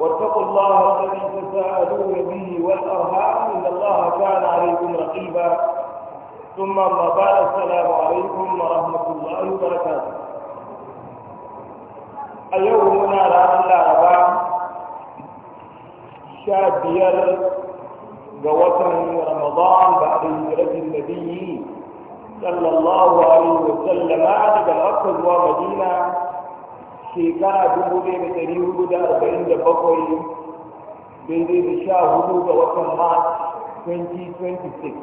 واتقوا الله الذي تساءلون به والأرهام إن الله كان عليكم رقيبا ثم أما بعد السلام عليكم ورحمة الله وبركاته اليوم هنا ابا شابير جوة رمضان بعد هجرة النبي صلى الله عليه وسلم عدد مكة ومدينة shekara dubu ɗaya da ɗari hudu da arba'in da bakwai daidai da sha hudu ga watan march 2026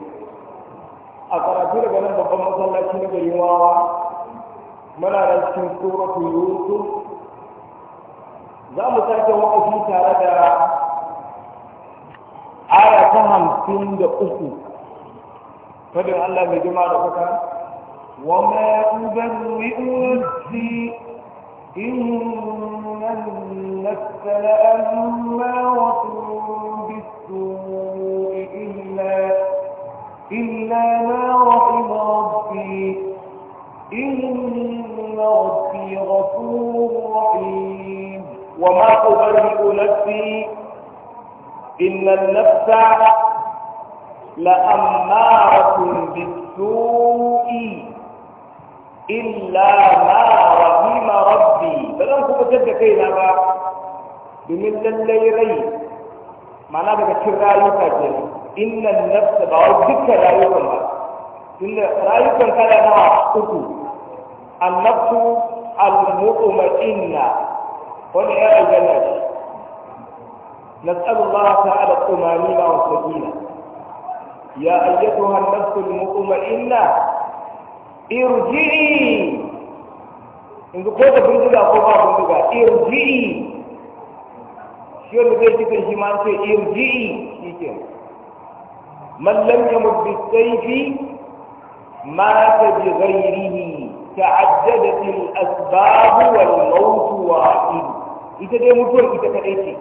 a karatu daga nan babban masallaci na gari wawa muna da cikin suratu yusuf za mu sake wakafi tare da aya ta hamsin da uku fadin allah mai jima da kuka وما أبرئ نفسي إن النفس لأمارة بالسوء إلا, ما رحم ربي إن ربي غفور رحيم وما أبرئ نفسي إن النفس لأمارة بالسوء إلا ما رحم rahima rabbi ba zan kubutar da kaina ba domin lallai rai mana daga cikin rayuka ke innan nafsa ba wai dukkan rayukan ba tunda rayukan kada nawa uku annafsu al-mu'minna wani ya aljanna ce nas'alullah ta'ala tumanina wa sakina ya ayyatuha an-nafsu al yanzu ko da bindiga ko ba bindiga irji'i e. shi wanda zai cikin shi ma ce irji'i e, shi ke mallam ya mutu saifi mata bi ghairihi ta'addadat al-asbab wal maut wa'id ita dai mutuwar ita ta dace.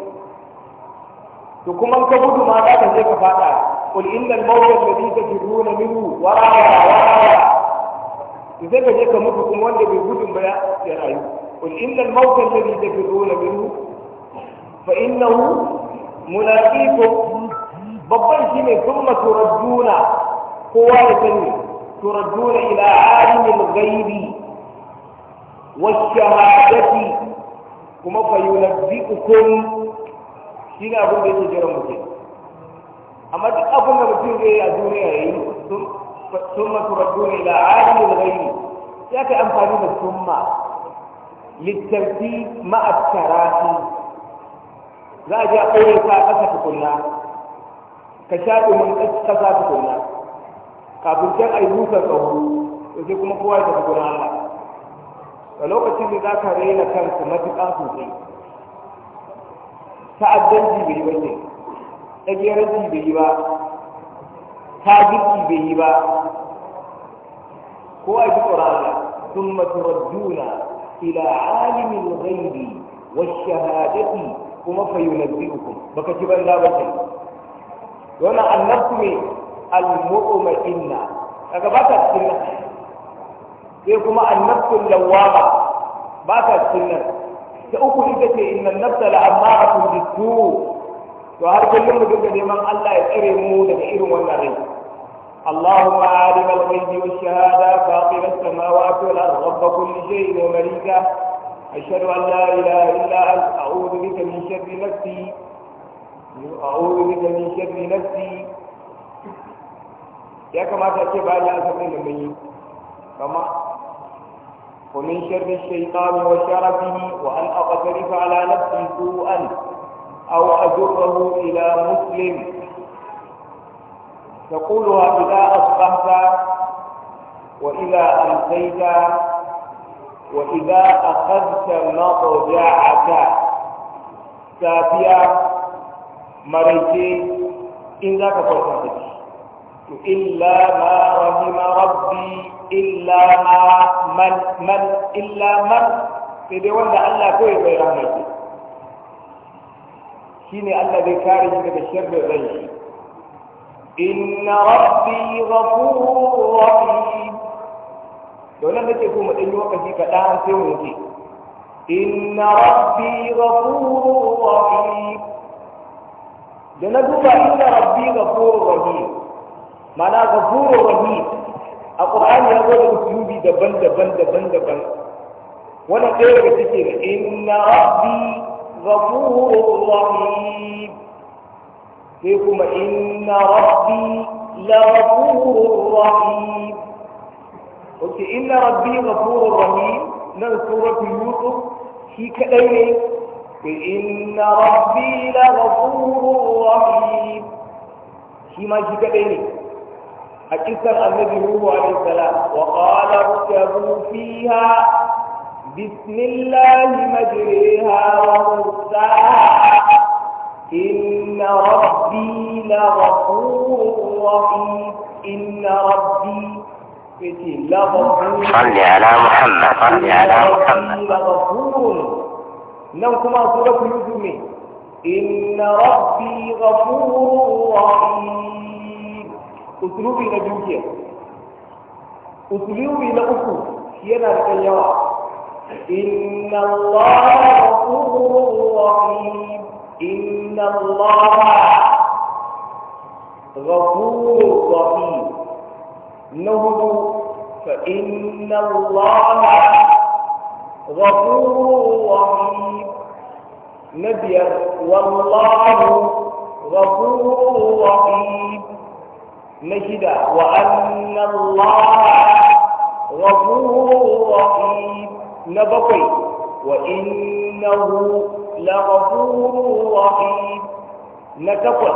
to kuma ka gudu ma za ka je ka fada qul innal mawta alladhi tajruna minhu wa wa to sai ka je ka mutu kuma wanda bai bude baya ya rayu qul innal mawta alladhi tafirruna minhu fa innahu mulaqikum babban shine thumma turadduna kowa ya sani turadduna ila alimil ghaibi wash-shahadati kuma fa mutum amma duk mutum yi a duniya yayi ثم تردون إلى عالم الغيب ذاك أمفاني ثم للترتيب مع التراخي لا جاء قولي ساقسة كنا كشاب من قصة كنا kafin can a yi busar tsawo to sai kuma kowa ya tafi gurin da lokacin da za ka raina kanka matuƙa sosai bai yi ba bai yi ba kafirci bai yi ba ko a ji ƙur'ana sun maturadduna ila alimin ghaibi wa shahadati kuma fayunabbi'ukum baka ci ban da bace wannan annabtu ne al-mu'minna daga ba ta cikin nan sai kuma annabtu lawama ba ta cikin nan ta uku ita ce inna an-nafsa a bis to har kullum mu dinga neman Allah ya tsare mu daga irin wannan rai اللهم عالم الغيب والشهادة فاطر السماوات والأرض رب كل شيء ومليكه أشهد أن لا إله إلا أنت أعوذ بك من شر نفسي أعوذ بك من شر نفسي يا كما تأتي على أن تكون كما ومن شر الشيطان وشرفه وأن أقترف على نفسي سوءا أو أجره إلى مسلم تقولها إذا أصبحت وإذا أمسيت وإذا أخذت مضجعك سافيا مريتي إلا كفرت إلا ما رحم ربي إلا ما من من إلا من في دي الله كوي غير shine Allah zai kare shi daga sharrin zai inna rabbi ghafurur rahim to nan nake so mu dan yi wakafi kaɗan sai mu wuce inna rabbi ghafurur rahim da na duba inna rabbi ghafurur rahim mana ghafurur rahim a qur'ani ya zo da usubi daban-daban daban-daban wannan ɗaya daga cikin inna rabbi غفور رحيم فيكم إن ربي لغفور رحيم قلت إن ربي غفور رحيم من سورة يوسف في كأين إن ربي لغفور رحيم فيما في كأين أكثر النبي هو عليه السلام وقال اركبوا فيها بسم الله مجريها ومرساها إن ربي لغفور رحيم إن ربي صل على محمد صل على محمد لغفور إنكما نعم، سورة يوسف إن ربي غفور رحيم أسلوبي نجوكي أسلوبي لأسلوب ينا بكي يوم إن الله غفور رحيم إن الله غفور رحيم نهض فإن الله غفور رحيم نبي والله غفور رحيم نشد وأن الله غفور رحيم نبقي وإنه لغفور رحيم نتقل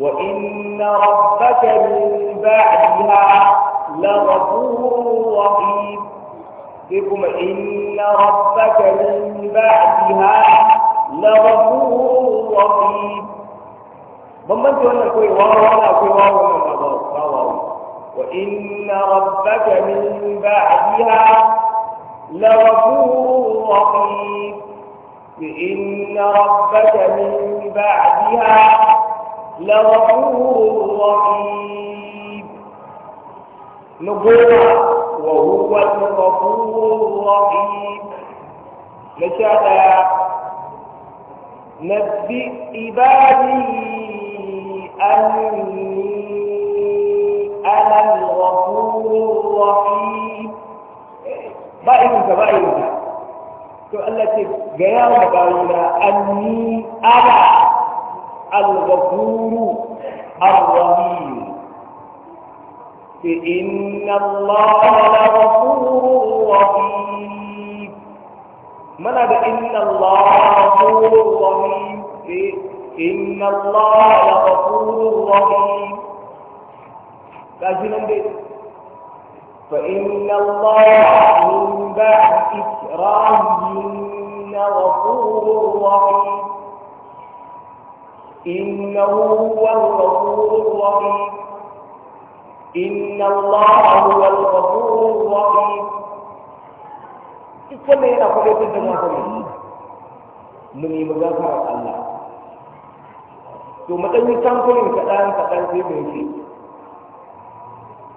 وإن ربك من بعدها لغفور رحيم بكم إن ربك من بعدها لغفور رحيم بمن تقول كوي واو ولا كوي واو ولا واو وإن ربك من بعدها لغفور رحيم إن ربك من بعدها لغفور رحيم نقول وهو الغفور الرحيم لشأن نبئ عبادي أني أنا الغفور الرحيم ba irin ka ba irin ka to Allah ce ga yawo bayina anni ana al-ghafuru ar-rahim ce inna Allah la ghafurur rahim mana da inna Allah ghafurur rahim inna Allah la ghafurur rahim kaji dai فإن الله من بعد إكراههن غفور رحيم إنه هو الغفور الرحيم إن الله هو الغفور الرحيم كما يقول لك الدنيا مثلا من يبغى الله to matsayin samfurin kaɗan kaɗan sai mai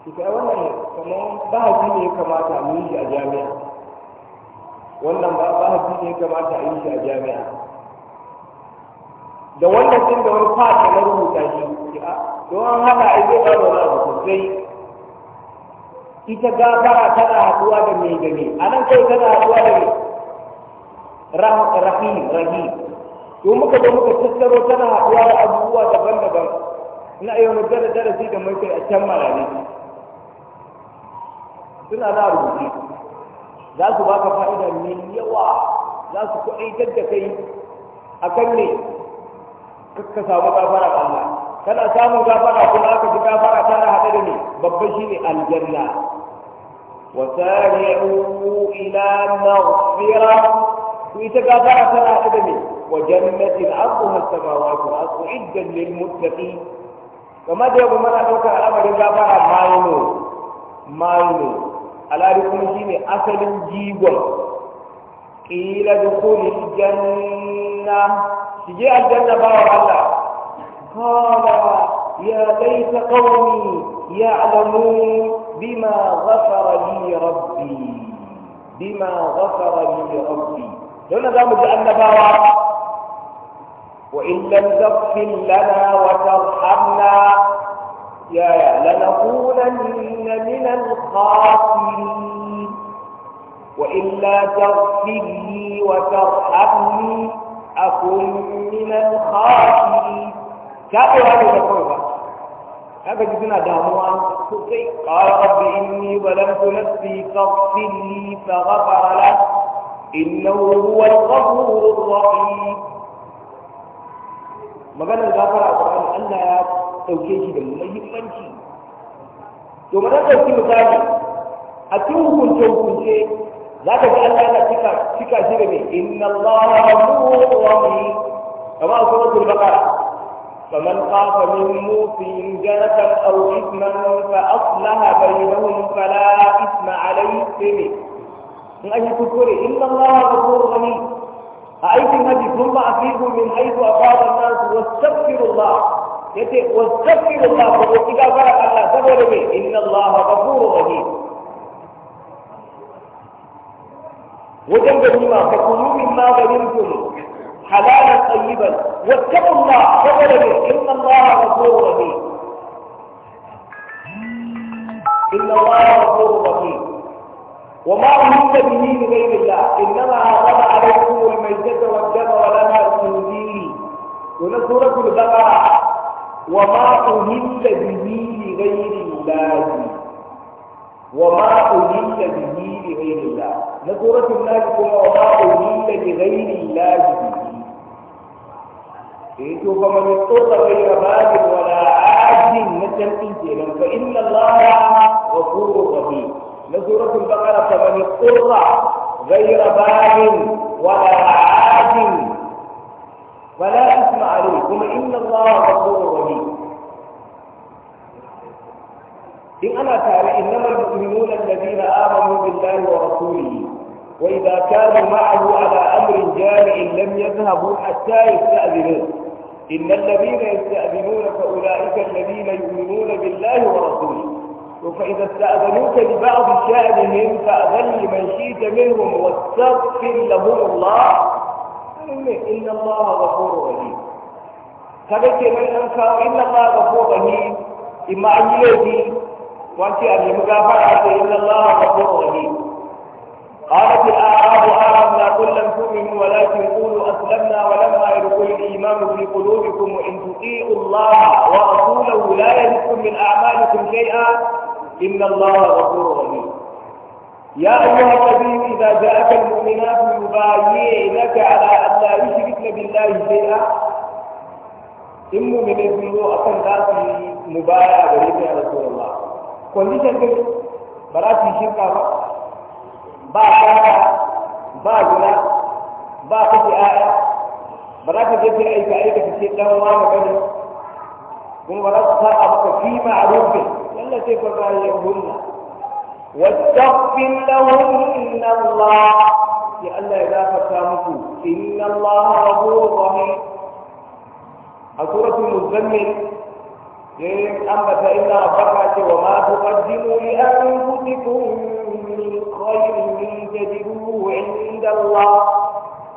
ita wannan kamar bahaji ne ya kamata a yi shi a jami'a wannan ba bahaji ne ya kamata a yi shi a jami'a da wannan din da wani fata na rubuta shi don an haka a yi ba da wani abu sosai ita gafara tana haɗuwa da mai da mai a nan kai tana haɗuwa da mai rahim rahim to muka zo muka tattaro tana haɗuwa da abubuwa daban-daban na yau mu darasi da kai a can malamai suna na rubuce za su baka fa'ida mai yawa za su kuɗaitar da kai a kan ne ka samu gafara Allah kana samu gafara kuma aka ji gafara tana haɗe da ne babban shi ne aljanna wa sari'u ila maghfira ku ita gafara وسارعوا إلى مغفرة ويتقابل صلاة دمي وجنة عرضها السماوات والأرض عدا للمتقين وما جاءوا من أدوك الأمر إلا ما ينور ما ينور alhali kuma shine asalin jigon qila dukhulil janna shige aljanna ba wa Allah qala ya laita qaumi ya'lamun bima ghafara li rabbi bima ghafara li rabbi don za mu ji annabawa wa in lam taghfir lana wa tarhamna يا يا من الخاسرين وإلا تغفر لي وترحمني أكن من الخاسرين كأي هذا القربة هذا جدنا دعوة سوسي قال رب إني ظلمت نفسي فاغفر لي فغفر له إنه هو الغفور الرحيم مجال الغفر a ƙwararren Allah ya ɗauke shi da muhimmanci to mana ɗauki misali a cikin hukunce hukunce za ka ga Allah yana cika cika shi da me inna Allah ghafurur rahim kama a suratul baqara فمن خاف من موت جنة أو إثما فأصلح بينهم فلا إثم عليه in an yi kuskure inna Allah ghafurur rahim a aikin haji kun ba afiku min haythu afada an-nas wastaghfirullah yace wastaghfirullah ko roki gafara Allah saboda me inna Allah ghafurur rahim wajen ganima fa kulu mimma ghanimtum halalan tayyiban wattaqullah saboda me inna Allah ghafurur rahim inna Allah ghafurur rahim وما أهل به من غير الله إنما حرم عليكم الميتة والدم ولما الخنزير ولسورة البقرة وما أهل به لغير الله وما أهل به لغير الله نسورة الناس كما وما أهل لغير الله به إيه فمن اضطر غير باب ولا عاد نسل إنسانا فإن الله غفور رحيم نسورة البقرة فمن اضطر غير باب ولا عاد ولا إثم عليكم إن الله غفور رحيم إن أنا قال إنما المؤمنون الذين آمنوا بالله ورسوله وإذا كانوا معه على أمر جامع لم يذهبوا حتى يستأذنوه إن الذين يستأذنون فأولئك الذين يؤمنون بالله ورسوله فإذا استأذنوك لبعض شأنهم فأذن لمن شئت منهم واستغفر لهم الله cikin ne inna Allah ghafurur rahim kada kenan an الله inna Allah ghafurur rahim imma an yi laifi wance a nemi gafara inna Allah rahim قالت الأعراب آمنا قل لم تؤمنوا ولكن قولوا أسلمنا ولما يدخل الإيمان في قلوبكم وإن تطيعوا الله ورسوله لا يلدكم من أعمالكم شيئا إن الله غفور رحيم يا أيها النبي إذا جاءك المؤمنات يبايعنك على أن لا يشركن بالله شيئا in mumine sun zo a kan za su yi mubaya gare ta ya rasu Allah condition din ba za su yi shirka ba ba shaka ba zina ba kashe aya ba za ka je ta aika aika ta ce dan a fi zai واستغفر لهم إن الله لئلا يغفر سامكم إن الله غفور رحيم اسوره المزمل إيه، أنبت إلا ربك وما تقدموا لأنفسكم من خير تجدوه عند الله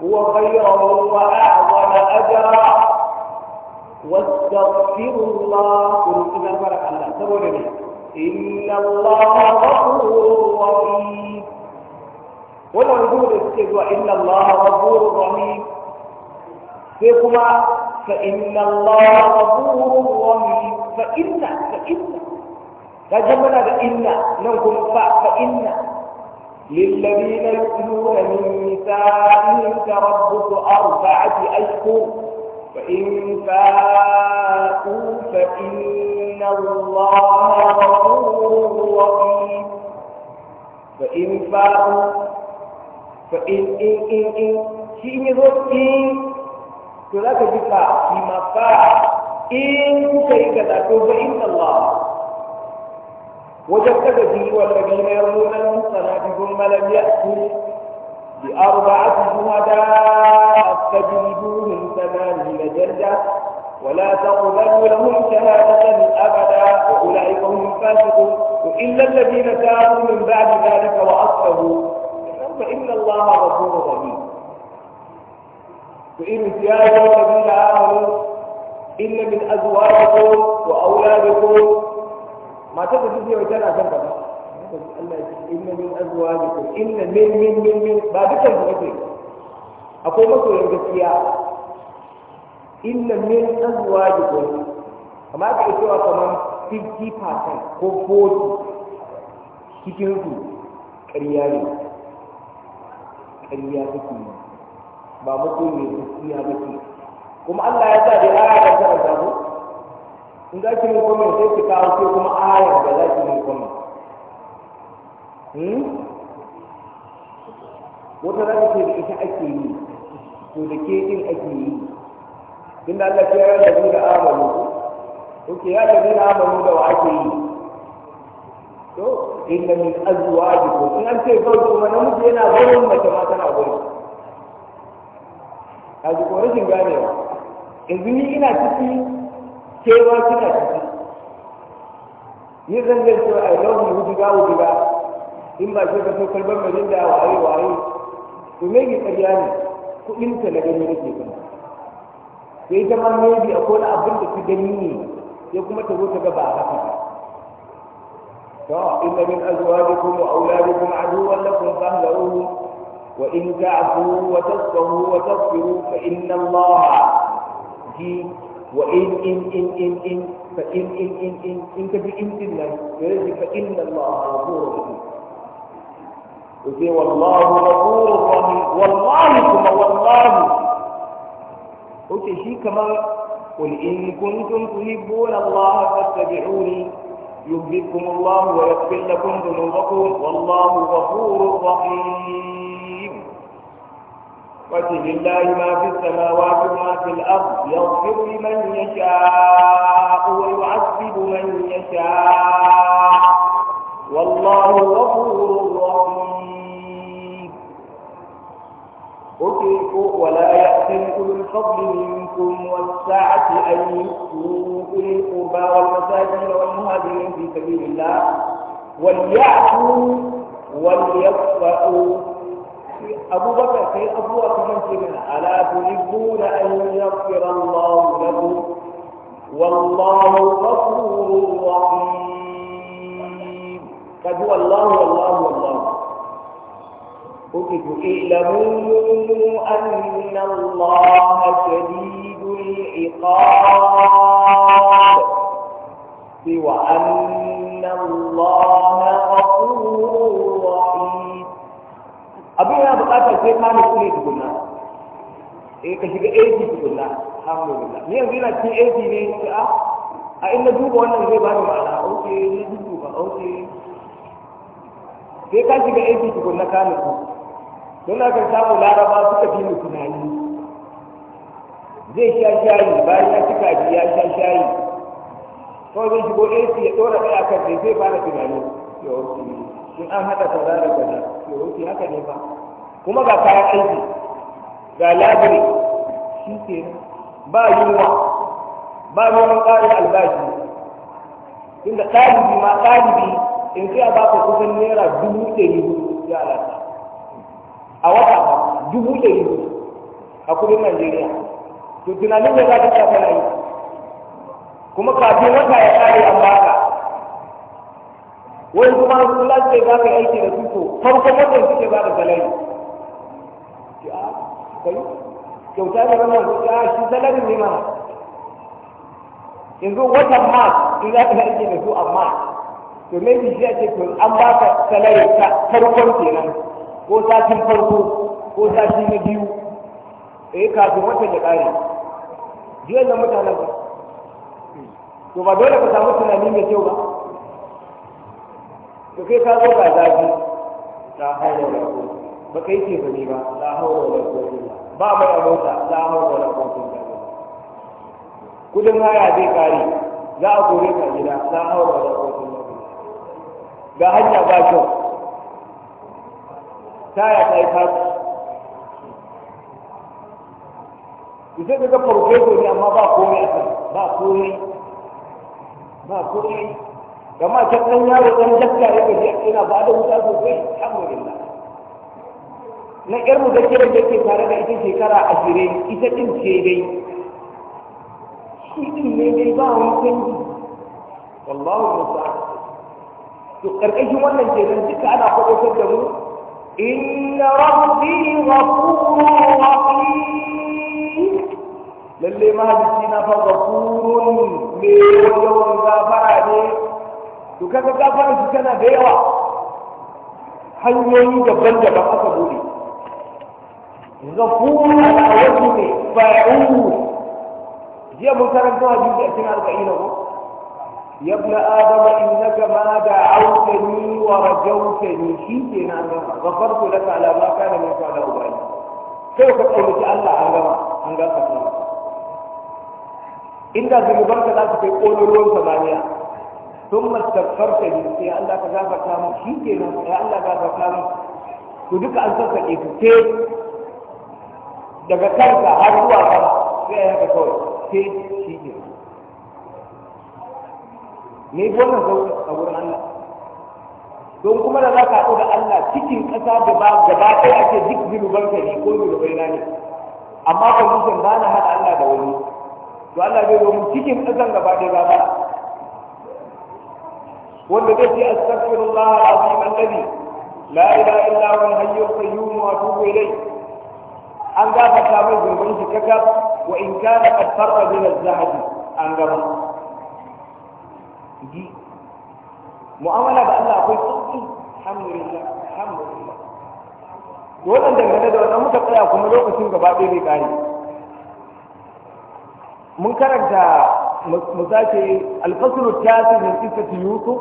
هو خيرا وأعظم أجرا واستغفروا الله قل إن فرق الله سبحانه إن الله غفور رحيم والعدود السجوى إن الله غفور رحيم فيكما فإن الله غفور رحيم فإن فإن فجمعنا بإن نقول فإن للذين يؤتون من نسائهم تربص أربعة أشهر فإن فاءوا فإن الله غفور رحيم فإن فاءوا فإن إن إن إن شيء غفير to za ka ji ka fi maka in kuka yi kaza to fa inna Allah wajen kada bi wa ladina yarmuna al-musanati thumma lam ya'tu بأربعة شهداء فاجلدوهم ثمانين جلدة ولا تقبلوا لهم شهادة أبدا وأولئك هم الفاسقون إلا الذين تابوا من بعد ذلك وأصلحوا فإن الله غفور رحيم فإن يا الذين آمنوا إن من أزواجكم وأولادكم ما تقدر فيه وجنة جنبك faɗi Allah ya ce inna inna min min min min ba akwai masoyan gaskiya inna min azwajikum amma ka 50% ko 40 cikin su ƙarya ne ƙarya take ba gaskiya ba ce kuma Allah ya sa da aya da karanta ku in za ki yi kuma sai ki kawo sai kuma ayar da za ki yi kuma Hmm? wata za ce da ita ake yi to da ke din ake yi tun da Allah ya rabu da amanu kuke ya rabu da amalu da wa ake yi to inna min azwajikum in an ce zauji kuma namiji yana gurin mace ma tana gurin a ji ko rashin ganewa yanzu ni ina ciki kewa kina ciki ni zan zai ce a yau ni wujuga wujuga in ba ke ka so kalbar mai da waye waye to me ne ƙarya ne kuɗin ta na gani nake kana sai ta ma maybe akwai wani abin da ta gani ne sai kuma ta zo ta ga ba haka to inna min azwajikum wa auladikum aduwwan lakum fahzaruhum wa in ta'fu wa tasfahu wa tasfiru fa inna Allah ji wa in in in in in fa in in in in in ka bi in din nan sai fa inna Allah ghafurur rahim وفي والله غفور رحيم والله كما والله وفي شيء كما قل إن كنتم تحبون الله فاتبعوني يهدكم الله ويغفر لكم ذنوبكم والله غفور رحيم ولله ما في السماوات وما في الأرض يغفر لمن يشاء ويعذب من يشاء والله غفور رحيم أتركوا ولا يأتي أولو الفضل منكم والسعة أن يؤتوا أولي القربى والمساجين والمهاجرين في سبيل الله وليعفوا وليصفحوا أبو بكر في أبو بكر ألا تحبون أن يغفر الله لكم والله غفور رحيم قد هو الله والله والله كتب اعلموا أن الله شديد العقاب وان الله غفور رحيم أبي أنا بقاطع كيف ما نقول تقولنا إيه كشيء إيه تقولنا الحمد لله مين فينا شيء إيه تيجي آه أين نجوب وانا نجيب هذا معنا أوكي نجوب أوكي كيف كشيء إيه تقولنا كانوا don haka samu laraba suka fi mu tunani zai sha shayi bayan ya cika ji ya sha shayi kawai zai shigo ac ya dora ɗaya kan zai zai fara tunani yau in an haɗa kaza da kaza yau haka ne ba kuma ga kayan aiki ga labiri shi ke ba yunwa ba neman ƙarin albashi inda ɗalibi ma ɗalibi in sai a ku kusan naira dubu ɗari ya alata a wata ba dubu ɗari a kudin najeriya to tunanin da za ka sa kana yi kuma kafin wata ya ƙare an baka wani kuma su lafiya za ka yi aiki da su to farkon watan suke ba da salari kyauta da wannan kuɗi a shi salari ne mana yanzu watan ma in za ka aiki da su amma to maybe shi ce to an baka salari ta farkon kenan ko satin farko ko sati na biyu eh kafin wata da kare jiya da mutanen ba to ba dole ka samu tunani mai kyau ba to kai ka zo ga zafi la haula wala quwwata ba kai ce ba ne ba la haula wala quwwata ba mai abota la haula wala quwwata kudin haya zai kare za a gore ka gida la haula wala quwwata ga hanya ba kyau taya ta yi fashi sai ka ga farfeso ne amma ba komai a kan ba komai ba komai gama can ɗan yaro ɗan jakka ya gaji yana ba da wuta sosai alhamdulillah na ƴar mu zake da yake tare da ita shekara ashirin ita ɗin ce dai shi ɗin ne dai ba wani canji wallahu musa to ƙarƙashin wannan kenan duka ana kwaɗaukar da mu inna rabbi ghafurur rahim lalle ma hadisi na fa ghafurun me wajen gafara ne to kaga gafara su kana da yawa hanyoyi daban daban aka bude ghafurun ala wajen fa'u jiya mun karanta hadisi a cikin alƙa'ina ko ya ibn na innaka da da'awtani wa rajawtani shikenan ga ghafartu laka ala ma kana min qala ubai sai ka kauce Allah an gama an gama ka inda zunuban ka za su kai kololuwan samaniya sun mastafarta ne sai Allah ka gafarta mu shikenan sai Allah gafarta mu to duka an sassake su sai daga kanka har zuwa sama sai ya haka kawai sai shikenan ne yi wannan sauki a wurin Allah don kuma da za ka haɗu da Allah cikin ƙasa gaba gaba ɗaya ake duk zunuban ka ne ko zunubai na ne amma condition ba na haɗa Allah da wani to Allah zai zo cikin ƙasan gaba ɗaya ba ba wanda zai ce astaghfirullah alazim alladhi la ilaha illa huwa al-hayyul qayyum wa atubu ilayh an gafarta mai zunuban shi kakaf wa in kana qad farra min az-zahdi an gama. ji mu'amala da Allah akwai sauki alhamdulillah alhamdulillah wannan dangane da wannan muka tsaya kuma lokacin gaba ɗaya bai ƙare mun karanta mu sake alfasulu tasir min qissati yusuf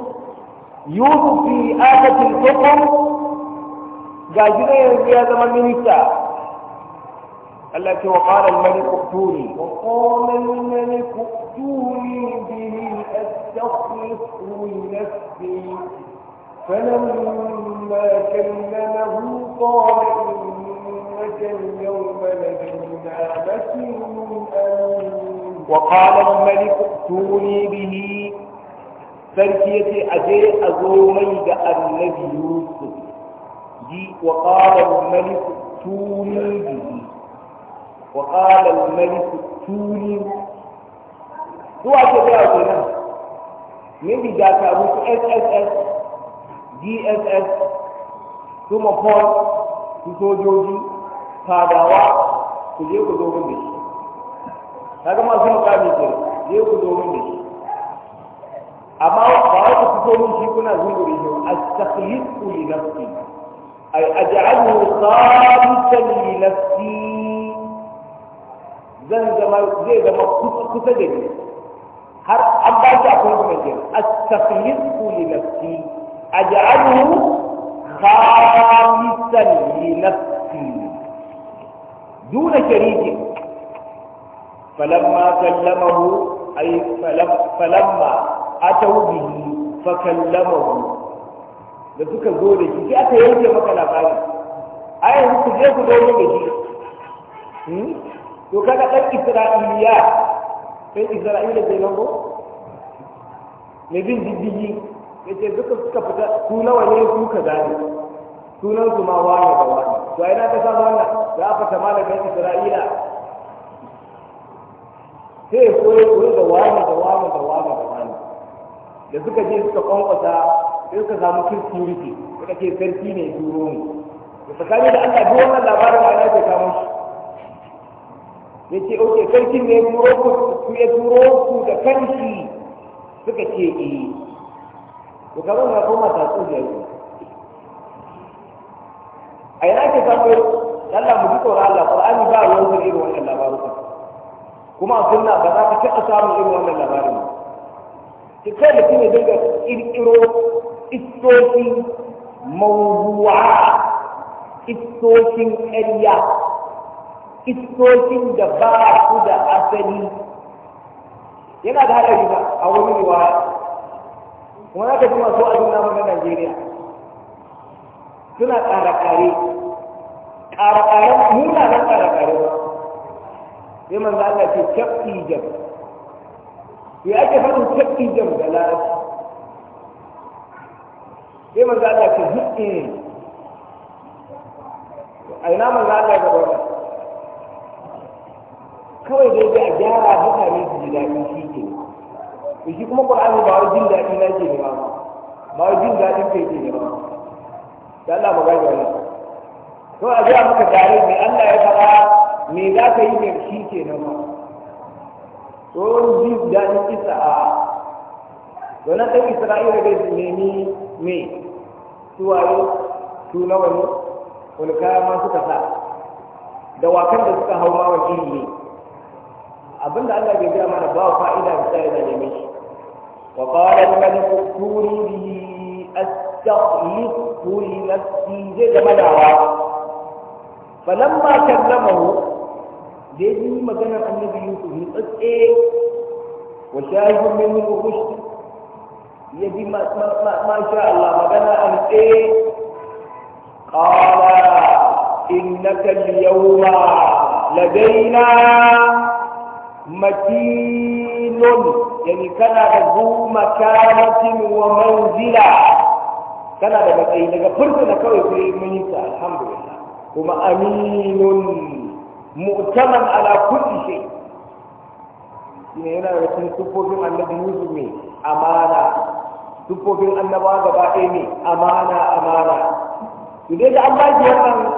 yusuf fi akatil hukm ga gidan yanzu ya zama minista التي وقال الملك ائتوني وقال الملك ائتوني به استخلصه لنفسي فلما كلمه قال انك اليوم لدينا بشر انت وقال الملك ائتوني به فرقية أجي أزومي دع النبي يوسف جي وقال الملك ائتوني به وقال الملك توني هو أكبر أكبر من دي جاتا أبوك اس اس اس دي اس اس ثم فول تسوجوجي فاداوا كجي كدوغن بيش هذا ما سمع كامي كده جي كدوغن بيش أما وقال تسوجوجي شي كنا زنبري جو أستخلصه لنفسي أي أجعله خالصا لنفسي zan zama zai zama kusa da ni har an ba shi akwai kuma ke astakhlisu li nafsi aj'aluhu khalisan li nafsi duna shariki falamma kallamahu ay falamma atau bihi fakallamahu da suka zo da shi sai aka yanke maka labari a yanzu ku je ku zo da shi to kaga dan isra'iliya sai isra'ila da nan ko mai bin diddigi ya ce duka suka fita su nawa ne su ka gani sunan su ma wani da wani to a ina ka sa wannan za a fata malamin isra'ila sai ko ya da wani da wani da wani da wani da suka je suka kwankwasa sai suka samu kirsimiti suka ce sarki ne turo ne da tsakanin da Allah duk wannan labarin ana ke kamo shi ya ce ok sarkin ne ya turo ku da kanki suka ce eh ko kamar na koma tatsu da yau a yana ke samu Allah mu ji tsoron Allah Qur'ani ba yawan zai irin wannan labarin kuma a sunna ba za ka taɓa samun irin wannan labarin ki kai da ya dinga ƙirƙiro istoki mawuwa istokin ƙarya iskokin da ba su da asali yana da haɗari ba a wurin riwaya kuma na ka masu azumi namun na Najeriya suna ƙara-ƙare ƙara-ƙaren ƙarakare ƙara ba sai man za ka ce cakki jam ya ake faɗin cakki jam da larabci sai man za ka ce hukun a ina man za ka ga kawai dai ga gyara mutane su ji daɗi shi ke to shi kuma qur'ani ba wai jin daɗi na ke nema ba wai jin daɗin kai ke ba da Allah magana wannan to a ga maka dare mai Allah ya faɗa me za ka yi ne shi ke nan ba to ji daɗin kisa a na ɗan Isra'ila da nemi me suwaye su nawa ne wani kaya ma suka sa dawakan da suka hau ma wakili ne abinda Allah bai gaya mana ba fa'ida da sai da neme shi wa qala al-malik turi bihi astaghliqu li nafsi zai da madawa falamma kallamahu da yi maganar annabi yusuf ne tsatse wa shahidu min rushd ya bi ma sha Allah magana an tse qala innaka al-yawma ladaina makinun yani kana da zu makamatin wa manzila kana da matsayi daga furta da kawai sai mun yi ta alhamdulillah kuma aminun mu'taman ala kulli shay ne yana da cikin sufofin annabi Yusuf ne amana sufofin annabawa gaba ɗaya ne amana amana to da an ba ki wannan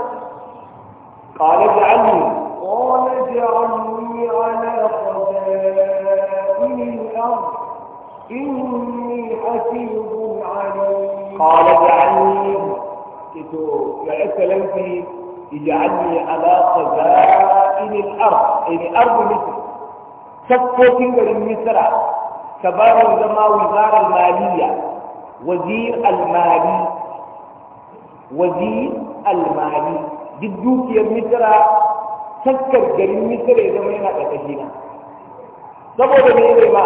qala ja'alni qala ja'alni إني على خزائن الأرض إني حسيب عليم قال اجعلني يا سلامتي اجعلني على خزائن الأرض يعني أرض مصر سكوتين للمصر كبار زما وزار المالية وزير المالي وزير المالي دي يا مصر taskar garin misira ya zama yana ƙarƙashi na saboda me ne ba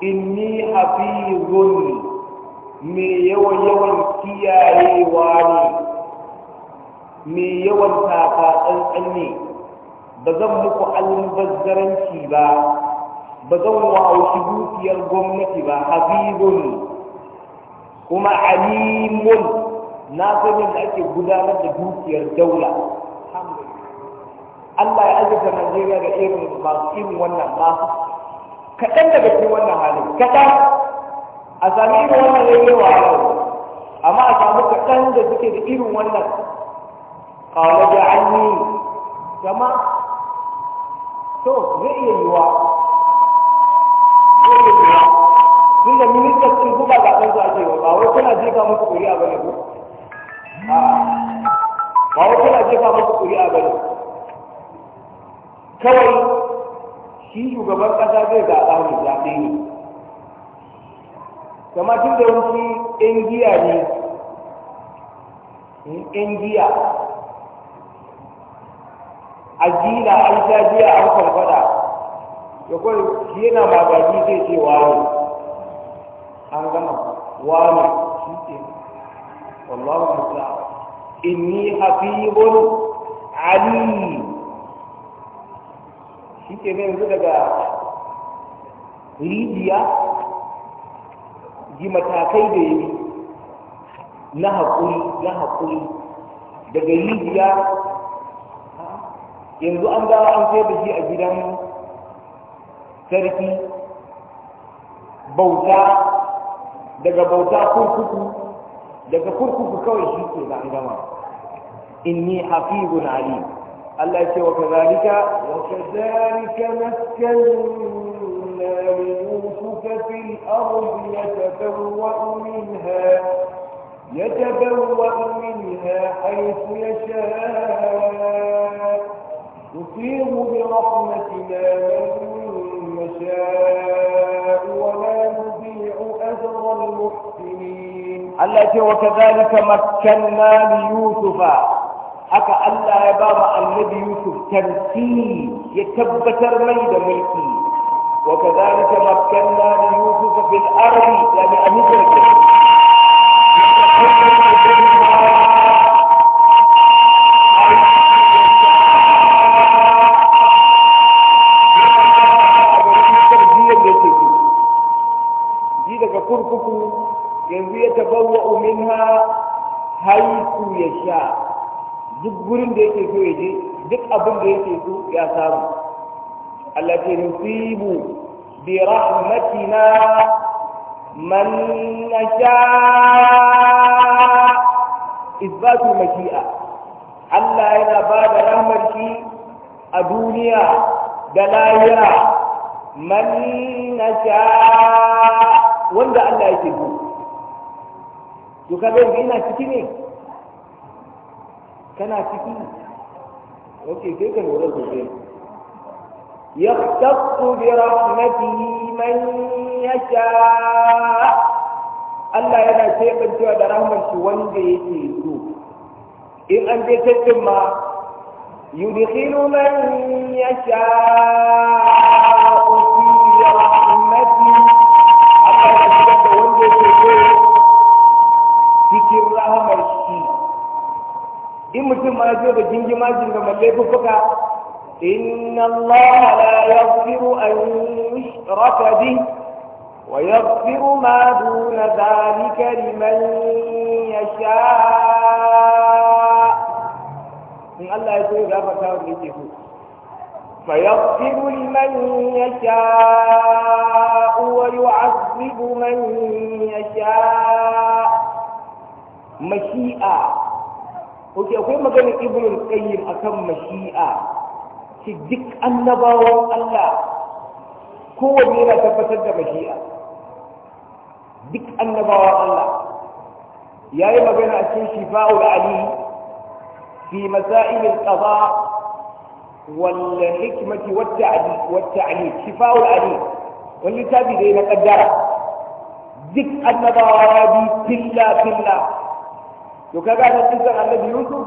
inni hafizun me yawan yawan kiyayewa ne me yawan taka tsantsan ne ba zan muku almubazzaranci ba ba zan aushi dukiyar gwamnati ba ne, kuma alimun na sanin da ake gudanar da dukiyar daula Allah ya azurta Najeriya da irin masu irin wannan ba. kaɗan daga cikin wannan halin kaɗan a sami irin wannan ya yi wahala amma a samu kaɗan da suke da irin wannan ƙawalar da an yi zama to zai iya yiwa zai iya yiwa tun da ministan sun kuma ga ɗansu a cewa ba wai kuna jefa musu ƙuri'a ba ne ko ba wai kuna jefa musu ƙuri'a ba ne kawai shi shugaban ƙasa zai zaɓa mai zaɓe ne kamar tun da wuce ɗan giya ne ɗan eh, giya a jina an sha giya an kwamfada da kawai shi yana magaji zai ce wani an gama wani shi ke wallahu musa inni hafizun Ali. ke ne yanzu daga rijiya ji matakai da yi na haƙuri na haƙuri daga rijiya yanzu an dawo an sayar da shi a gidan sarki bauta daga bauta kurkuku daga kurkuku kawai shi ke na gama inni hafizun alim الله يسير وكذلك وكذلك مكنا ليوسف في الأرض يتبوأ منها يتبوأ منها حيث يشاء نصيب برحمتنا من نشاء ولا نضيع أجر المحسنين الله يسير وكذلك مكنا ليوسف aka Allah ya ba mu annabi Yusuf tarti ya tabbatar mai da mulki wa kadhalika makkanna li Yusuf fil ardi yani a Misr daga kurkuku yanzu ya tabawa minha haiku ya sha duk gurin da yake so ya je duk abin da yake so ya samu Allah ce nusibu bi rahmatina man nasha isbatu mashi'a Allah yana ba da rahmar shi a duniya da lahira man nasha wanda Allah yake so to kaga ina ciki ne kana ciki wace kai ka lura sosai bi rahmati man yasha Allah yana keɓancewa da rahmar shi wanda yake so in an je tattin ma yudkhilu man yasha in mutum ma zo da jingima إن الله لا يغفر أن يشرك به ويغفر ما دون ذلك لمن يشاء إن الله يسوي غفرته ليجيه فيغفر لمن يشاء ويعذب من يشاء مشيئة ok akwai maganin ibn al-qayyim akan mashi'a shi duk annabawan Allah kowanne yana tabbatar da mashi'a duk annabawan Allah yayi magana a cikin shifa'ul ali fi masail al-qada wal hikmati wat ta'dil wat ta'lil shifa'ul ali wal litabi dai na qaddara duk annabawa ya bi filla filla to ka kaga nan kisan annabi yusuf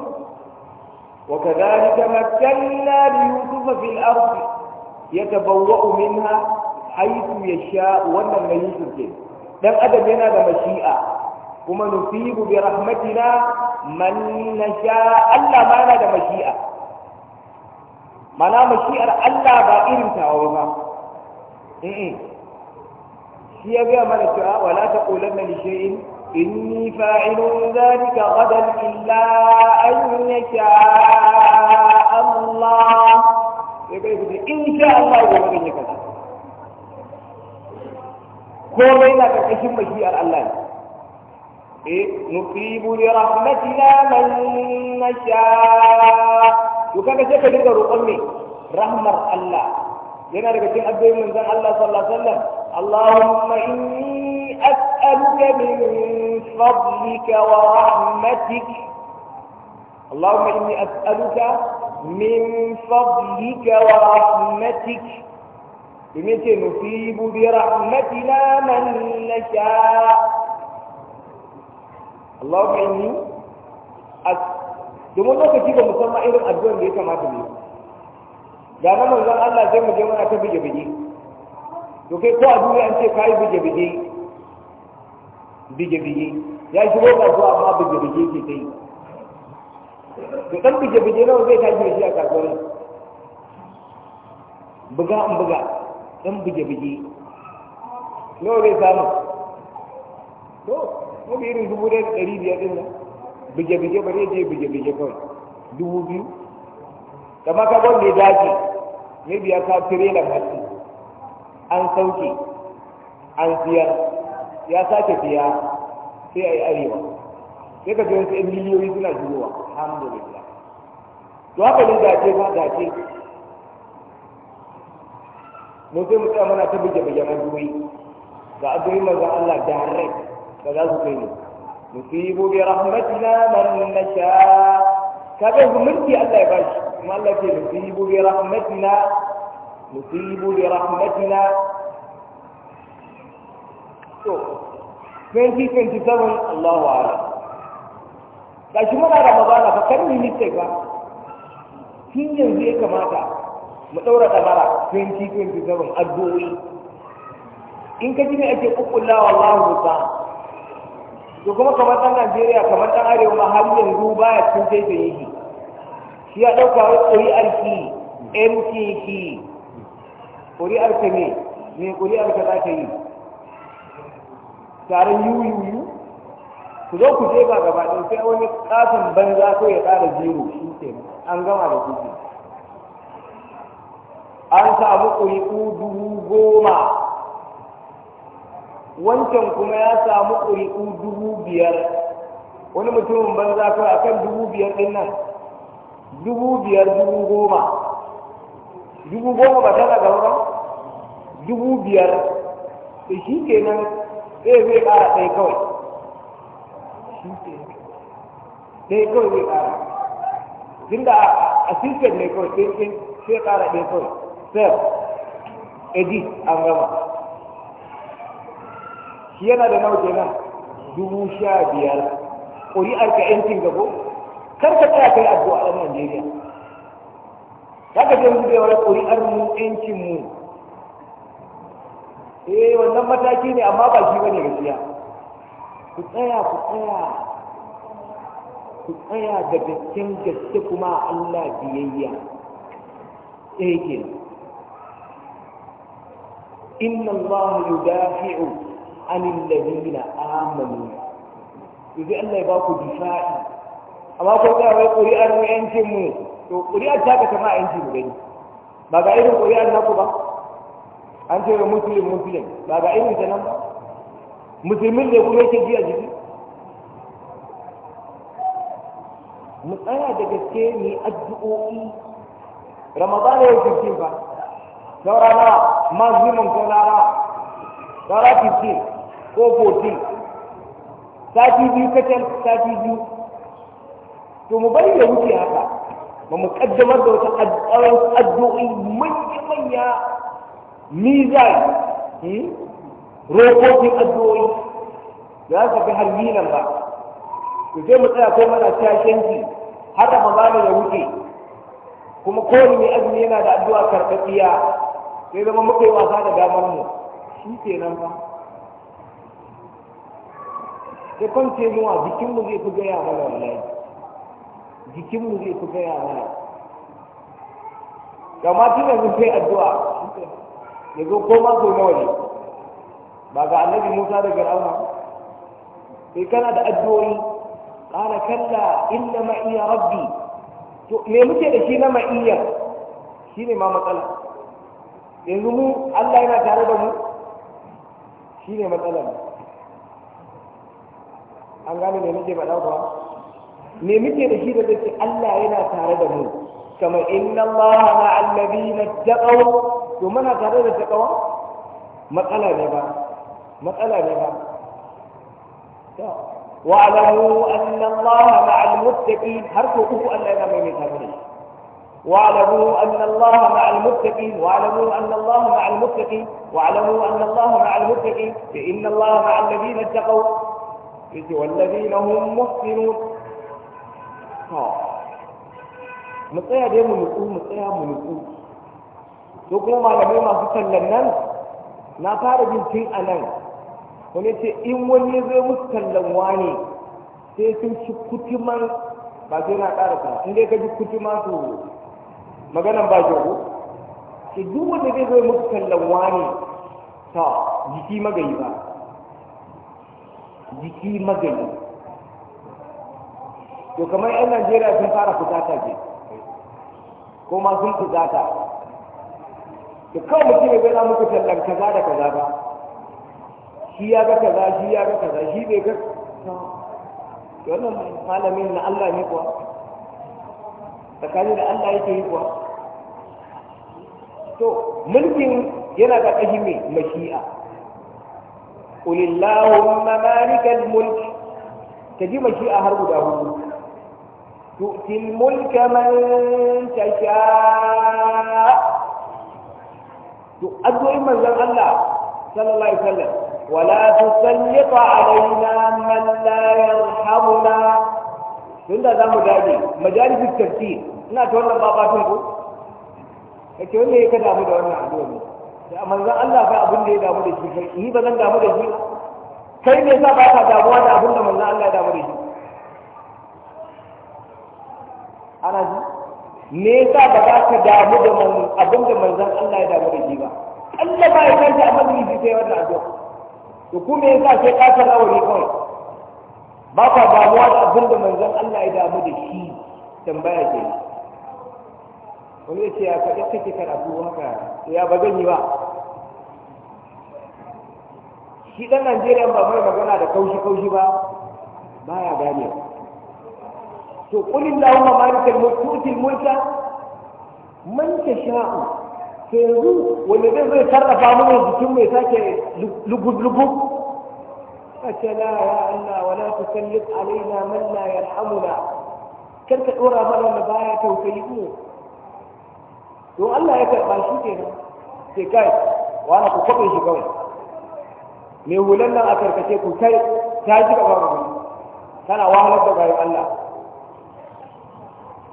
wa kadhalika makkanna li yusufa fil ardi yatabawwa'u minha haythu yasha wannan na yusuf ke dan adam yana da mashi'a kuma nusibu bi rahmatina man nasha Allah ma yana da mashi'a mana mashi'ar Allah ba irin ta tawa ba shi ya gaya mana cewa wala taqulanna li shay'in إني فاعل ذلك غدا إلا أن يشاء الله إن شاء الله يوم كذا komai ka dinga roƙon ne Allah نسألك من فضلك ورحمتك اللهم إني أسألك من فضلك ورحمتك بمثل نصيب برحمتنا من نشاء اللهم إني أس دوما لو كنتي بمسمى إيرم أدوان ليس ما تبي دعنا من الله زي ما جمعنا تبي جبدي لو كنت أدوان أنت كاي بجبدي Bije-bije. ya shigo kasuwa amma bije-bije ke ta yi to ɗan bije bige nawa zai tashi da shi a kasuwar buga an buga ɗan bije-bije. nawa zai samu to mafi irin dubu ɗaya da ɗari biyar ɗin nan bije-bije ba zai je bige bije kawai dubu biyu kama ka mai daji mai biya ka tirelan hatsi an sauke an siyar ya sake biya sai a yi arewa sai ka ji wasu yan miliyoyi suna zuwa alhamdulillah to haka ne dace ba dace mu sai mu tsaya mana ta buge buge mazuwi ga azuwi manzon Allah direct ba za su kai ne, mu yi bi rahmatina man nasha su mulki Allah ya bashi kuma Allah ke nusibu bi rahmatina nusibu bi rahmatina so 2027 ala a'lam shi muna da magana fa kan mu mistake ba tun yanzu ya kamata mu daura dabara 2027 addu'o'i in ka ji me ake kukkullawa Allahu ta'ala to kuma kamar ɗan Najeriya kamar ɗan Arewa ma har yanzu baya sai da yake shi ya ɗauka wai ƙuri'ar arki MTP ƙuri'ar ka ne me ƙuri'ar ka za ka yi taron yuyuyu ku zo ku jefa gaba ɗin sai wani katon banza ko ya ƙara jiro shi ke an gama da kuke an samu ƙuri'u dubu goma wancan kuma ya samu ƙuri'u dubu biyar wani mutumin banza a akan dubu biyar ɗin nan dubu biyar dubu goma dubu goma ba tana gaba ba dubu biyar da shi kenan ɗaya eh, zai ƙara ɗaya kawai ɗaya kawai zai ƙara tun da a system ne kawai ɗaya ɗaya sai ƙara ɗaya kawai sir edit an gama shi yana da nawa kenan dubu sha biyar ƙuri'ar ka yancin gabo kar ka tsaya kai addu'a a Najeriya za ka je mu da yawan ƙuri'ar mu yancin mu eh wannan mataki ne amma ba shi bane gaskiya ku tsaya ku tsaya ku tsaya ga dukkan gaske kuma Allah biyayya eh inna Allah yudafi'u anil ladina amanu yanzu Allah ya baku ku difa'i amma ko ga wai ƙuri'ar mu yancin mu to ƙuri'ar ta ka kama yancin mu gani ba ga irin ƙuri'ar naku ba an ce ga musulun musulun ba ga irin ta nan ba musulmin ne kuma yake ji a jiki mu tsaya da gaske ne yi addu'o'i ramadan ya yi ba saura na maximum saura lara, saura 15 ko 14 sati biyu kacan sati biyu to mu bari da wuce haka ba mu kaddamar da wata addu'o'i manya-manya mizan rokokin addu'o'i da za su fi harbinan ba ku je mu tsaya kai mana shashenki har da magana ya wuce kuma kowane mai azumi yana da addu'a karfafiya sai zama muka yi wasa da damar mu shi nan ba sai ce zuwa jikinmu zai fi gaya mana wallahi jikinmu zai fi gaya mana kama tun yanzu sai addu'a ya zo ko ma so nawa ba ga annabi musa da fir'auna sai kana da addu'o'i qala kalla inna ma'iya rabbi to me muke da shi na ma'iyya shine ma matsala yanzu mu Allah yana tare da mu shine matsalar an gane me muke faɗa kuwa me muke da shi da zai Allah yana tare da mu kamar inna Allah ma'al ladina taqaw to muna tare da takawa matsala ne ba matsala ne ba واعلموا أن الله مع المتقين حرف أكو أن لا ينام يتابعين واعلموا أن الله مع المتقين واعلموا أن الله مع المتقين واعلموا أن الله مع المتقين فإن الله مع الذين اتقوا والذين هم محسنون ها متى يا دي منقول متى يا منقول ko kuma malamai masu tallan nan na fara jin tun a nan wani ce in wani ya zai musu tallan wani sai sun ci kutuman ba sai na ƙara kuma in dai ka ji kutuma su maganan ba jago ke duk wanda zai zai musu tallan wani ta jiki magayi ba jiki magayi to kamar 'yan najeriya sun fara fusata ke ko ma sun ta to kawai mutum ya gana muku tallan kaza da kaza ba shi ya ga kaza shi ya ga kaza shi bai ga wannan malamin na Allah ne kuwa tsakani da Allah yake yi kuwa to mulkin yana da ƙashi mai mashi'a ulillahumma malikal mulk Ka ji mashi'a har guda hudu tu'til mulka man tasha to addu'o'in manzon Allah sallallahu alaihi wasallam wala tusallit alaina man la yarhamuna tunda za mu dage majalisin tafsir ina ta wannan babatun ko kake wanda ya ka damu da wannan ne. da manzon Allah fa abin da ya damu da shi kai ni ba zan damu da shi kai ne za ba ka damuwa da abin da manzon Allah ya damu da shi ana ji me yasa ba za ka damu da abin da manzon Allah ya damu da shi ba Allah ba ya kanta a shi sai wannan addu'a to ku me yasa sai ka san wani kawai ba ka damuwa da abin da manzon Allah ya damu da shi tambaya ke wani ya ce ya kaɗa kake karatu haka ya ba zan yi ba shi ɗan Najeriya ba mai magana da kaushi-kaushi ba baya ganewa to qul allahumma malik al-mulk tu'ti al-mulka man tasha'u to yanzu wanda zai zai sarrafa mana jikin mai sake lugub lugub فلا يا الله ولا تسلط علينا من لا يرحمنا كرك ɗora mana da baya tausayi mu to Allah ya karɓa shi kenan sai kai na ku kwaɓe shi kawai mai hulan nan a karkace ku kai ta ji gaba gaba tana wahalar da bayan Allah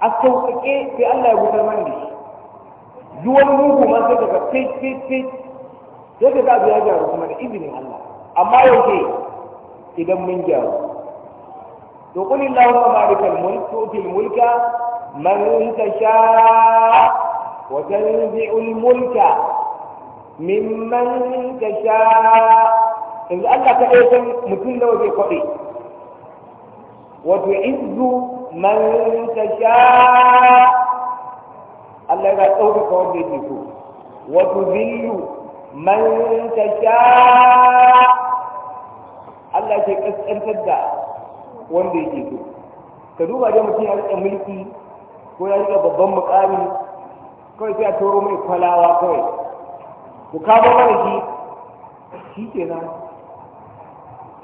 a sauƙaƙe sai Allah ya wutar mana da shi duk wani mugu ma sai daga fit fit fit sai ka ga ya gyaru kuma da izinin Allah amma yake idan mun gyaru to qul ma malikal mulk tu'til mulka man tasha wa tanzi'ul mulka mimman tasha yanzu Allah ka san mutum da zai faɗi wato izu man tasha Allah ya ɗaukaka wanda yake so wa tuzillu man tasha Allah ke kaskantar da wanda yake so ka duba da mutum ya rike mulki ko ya rike babban mukami kawai sai a toro mai kwalawa kawai ku kamo mana shi shi ke nan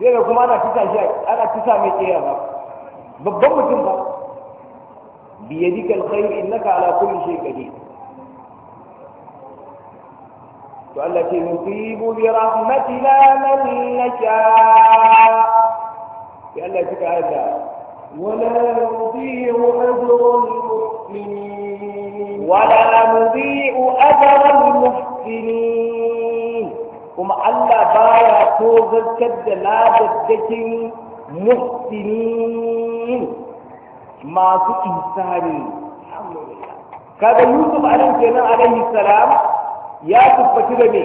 sai da kuma ana tusa shi ana tusa mai tsaya ba بالضم تنفع بيدك الخير إنك على كل شيء قدير والتي نصيب برحمتنا من نشاء قال لك هذا ولا نضيع أجر المحسنين ولا نضيع أجر المحسنين وما ألا بايع توغل كد لا بدك محسنين muhsinin masu insani kaga yusuf anan kenan alaihi salam ya tabbata da me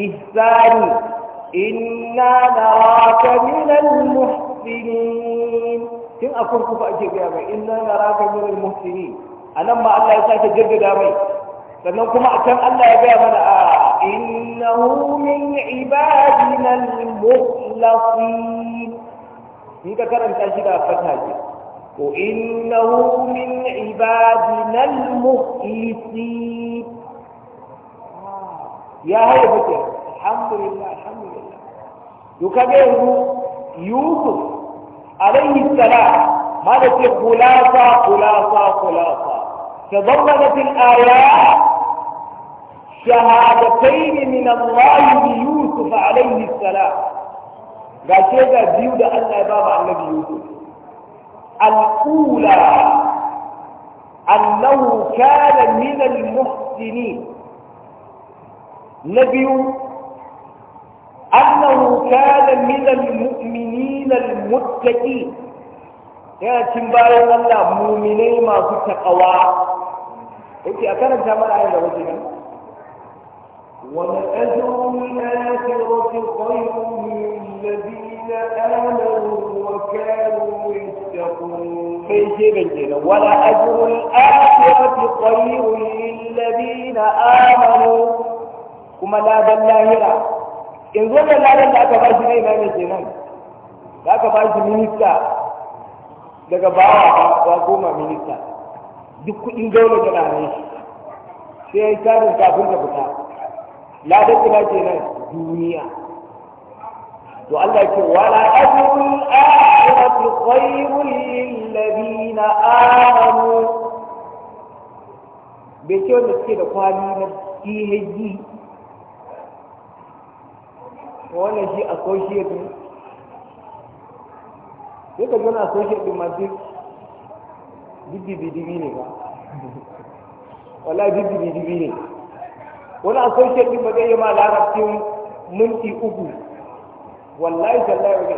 ihsani inna naraka almuhsinin muhsinin akon ku ba ake gaya mai inna naraka min almuhsinin anan ma Allah ya sake jaddada mai sannan kuma a can Allah ya ga mana a ah, innahu min ibadina al in ka karanta shi da fata ce to innahu min ibadina al-mukhlisin ya haifa ke alhamdulillah alhamdulillah to kaga yanzu yusuf alaihi salam ma da ce kulasa kulasa kulasa تضمنت الآيات شهادتين من الله ليوسف عليه السلام ga shaida biyu da Allah ya ba ma annabi Yusuf al-ula annahu kana min al-muhsinin nabiyu annahu kana min al-mu'minin al-muttaqin yana cin bayan Allah muminai masu takawa yake a karanta mana ayin da wajen ولأجر الآخرة خير للذين آمنوا وكانوا يتقون ولأجر الآخرة خير للذين آمنوا كما لا بل لاهرة إن ظن لا بل لا تباشر إمام الجنان لا تباشر مينيستا daga bawa ba goma minista duk kuɗin dole da ranar shi sai ya yi tarin kafin ka fita ba ke nan duniya to Allah ce wala ajrul akhirati khairul lil ladina amanu bai ce wanda suke da kwali na EHG wannan shi associate ne sai ka gana associate din ma duk duk dibi ne ba wallahi duk dibi ne wani associate din ba zai yi ma larabcin minti uku wallahi tallahi ne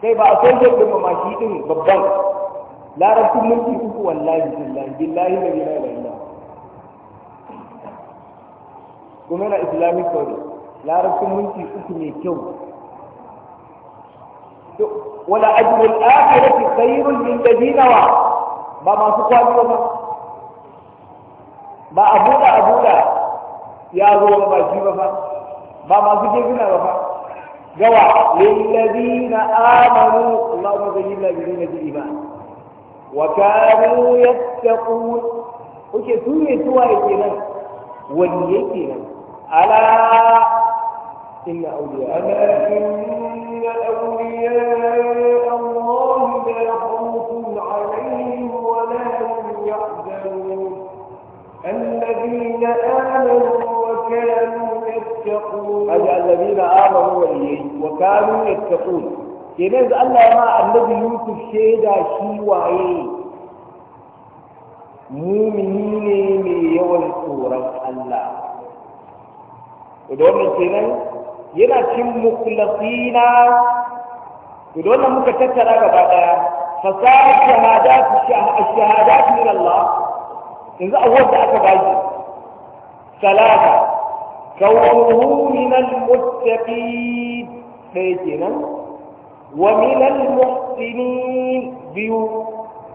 sai ba a associate din ma shi din babban larabcin minti uku wallahi tallahi billahi yana ilaha illallah kuma na islamic story larabcin minti uku ne kyau wala ajrul akhirati khairun lil ladina wa ba masu kwaliwa ba ba a buɗa a buɗa. يابو ما بجي بفا ما ما بجي بنا بفا جوا للذين آمنوا الله ما بجي للذين الإيمان وكانوا يتقون وكي توي توي كنا ولي على إن أولياء أنا إن أولياء الله لا خوف عليهم ولا هم يحزنون الذين آمنوا وكانوا يتقون أجل الذين آمنوا وإليه وكانوا يتقون kenan da Allah ya ma annabi Yusuf shaida shi waye mumini ne mai yawan tsoron Allah to da yana cin mukhlasina to da muka tattara gaba daya fasar shahadat shahadat min Allah yanzu awwal da aka bashi salata كونه من المتقين بيتنا ومن المحسنين بيو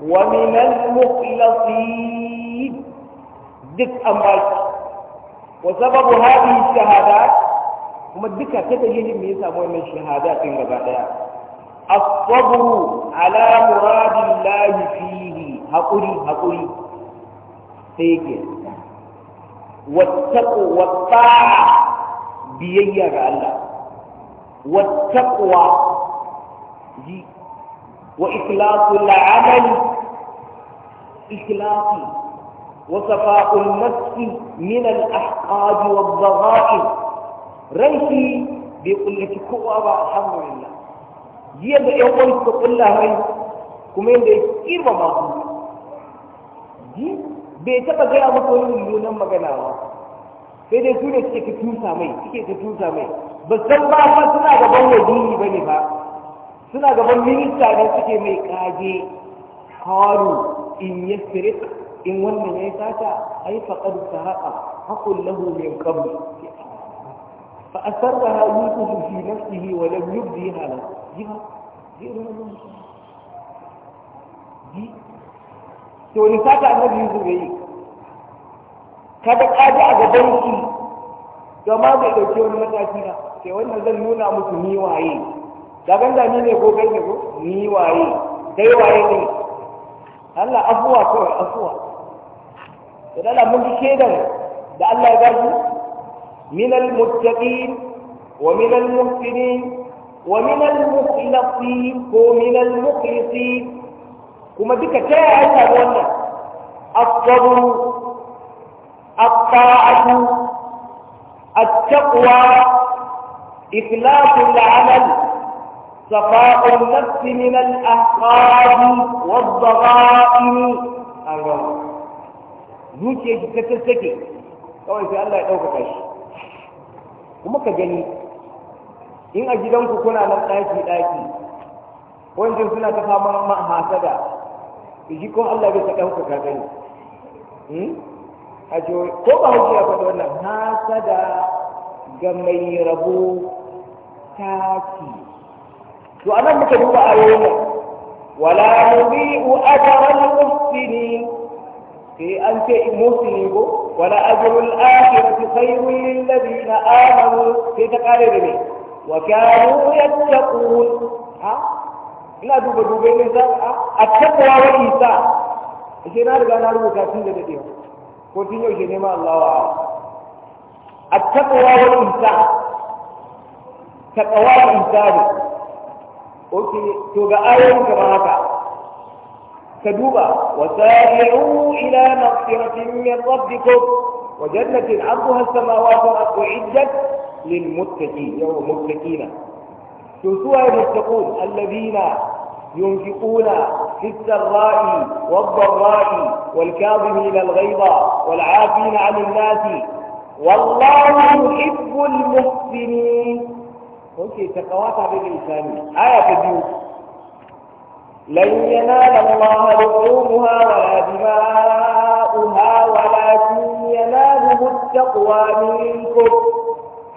ومن المخلصين دك أمبالك وسبب هذه الشهادات هم كتجيه من يسمون من الشهادات الغباء الصبر على مراد الله فيه هقولي هقولي هيك والتقوى والطاعة بيير الله والتقوى وإخلاص العمل إخلاص وصفاء النفس من الأحقاد والضغائن ريسي بيقول لك كوارا الحمد لله جيب يقول لك كل هاي كمين دي كيرما ما هو جيب bai taɓa gaya maka wani mummunan magana ba sai dai su ne suke ka tusa mai suke ka tusa mai ba san ba fa suna gaban wajiri ba ne ba suna gaban minista ne suke mai kage kawaru in ya yasirik in wannan ya yi sata ai faqad saraka haƙun lahu min qabl fa su su fi nafsihi wa lam yubdiha lahu jiha jiha ji to wani sata annabi yusuf yi. kaga kaji a gaban shi to ma bai dauke wani mataki na sai wannan zan nuna musu ni waye da ganda ni ne ko kai ne ko ni waye dai waye ne Allah afuwa kawai afuwa to dala mun ji shedan da Allah ya gaji min al-muttaqin wa min al-muhsinin wa min al-mukhlasin ko min al-mukhlisin kuma duka ta yaya ya samu wannan afdalu الطاعة التقوى إخلاص العمل صفاء النفس من الأحقاد والضغائن أيوة zuciya shi ta tattake kawai sai Allah ya ɗaukaka shi kuma ka gani in a gidanku kuna nan ɗaki ɗaki wanda suna ta fama hasada shi kuma Allah bai ta ɗaukaka gani a ko ba hauki ya faɗi wannan hasada ga mai rabo taki to anan muka duba ayoyin nan wala nubi'u al muhsini sai an ce muhsini ko wala ajrul akhirati khayrun lil ladina amanu sai ta kare da ne wa kanu yattaqun ha ina duba duba ne za a attaqwa wa isa sai na riga na rubuta tun da dadewa ko tun yau ke nema Allah wa a taɓawa wa isa taɓawa wa isa ne ok to ga ayoyin kamar haka ka duba wa sari'u ila maghfiratin min rabbikum wa jannatin 'arduha as-samawati wal ardu 'iddat lil muttaqin yawma muttaqina to suwa muttaqun alladhina ينفقون في السراء والضراء والكاظمين الغيظ والعافين عن الناس والله يحب المحسنين اوكي تقواتها بالإنسان آية تدين لن ينال الله لحومها ولا دماؤها ولكن يناله التقوى منكم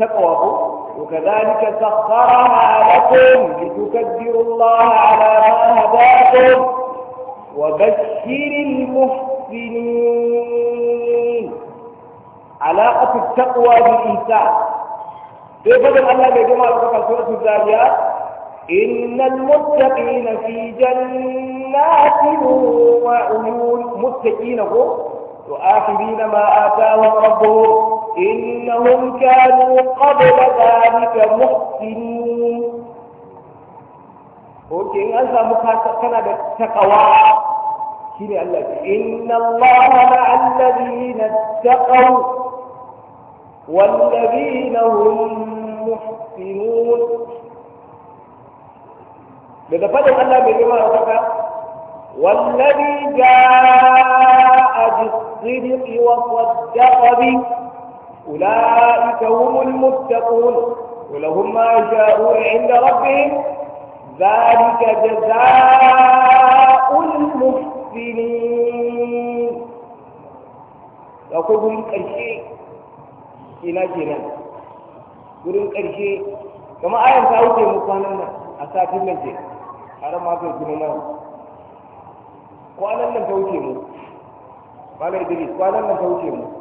تقوى وكذلك سخرها لكم لتكبروا الله على ما هداكم وبشر المحسنين علاقة التقوى بالإنسان إيه في فضل الله يا جماعة سورة الزاريات إن المتقين في جنات وعيون متقينه وآخرين وآخذين ما آتاهم ربهم إنهم كانوا قبل ذلك محسنين وكي أنزى مكاسقنا بالتقوى كيني الله إن الله مع الذين اتقوا والذين هم محسنون لذا فجأة الله من يوم الرفع والذي جاء بالصدق وصدق به أولئك هم المتقون ولهم ما يشاءون عند ربهم ذلك جزاء المحسنين يقولون الشيء إلى جنان wurin ƙarshe kama ayan ta wuce mu kwanan nan a satin nan ce a ran kwanan nan ta wuce mu kwanan nan ta wuce mu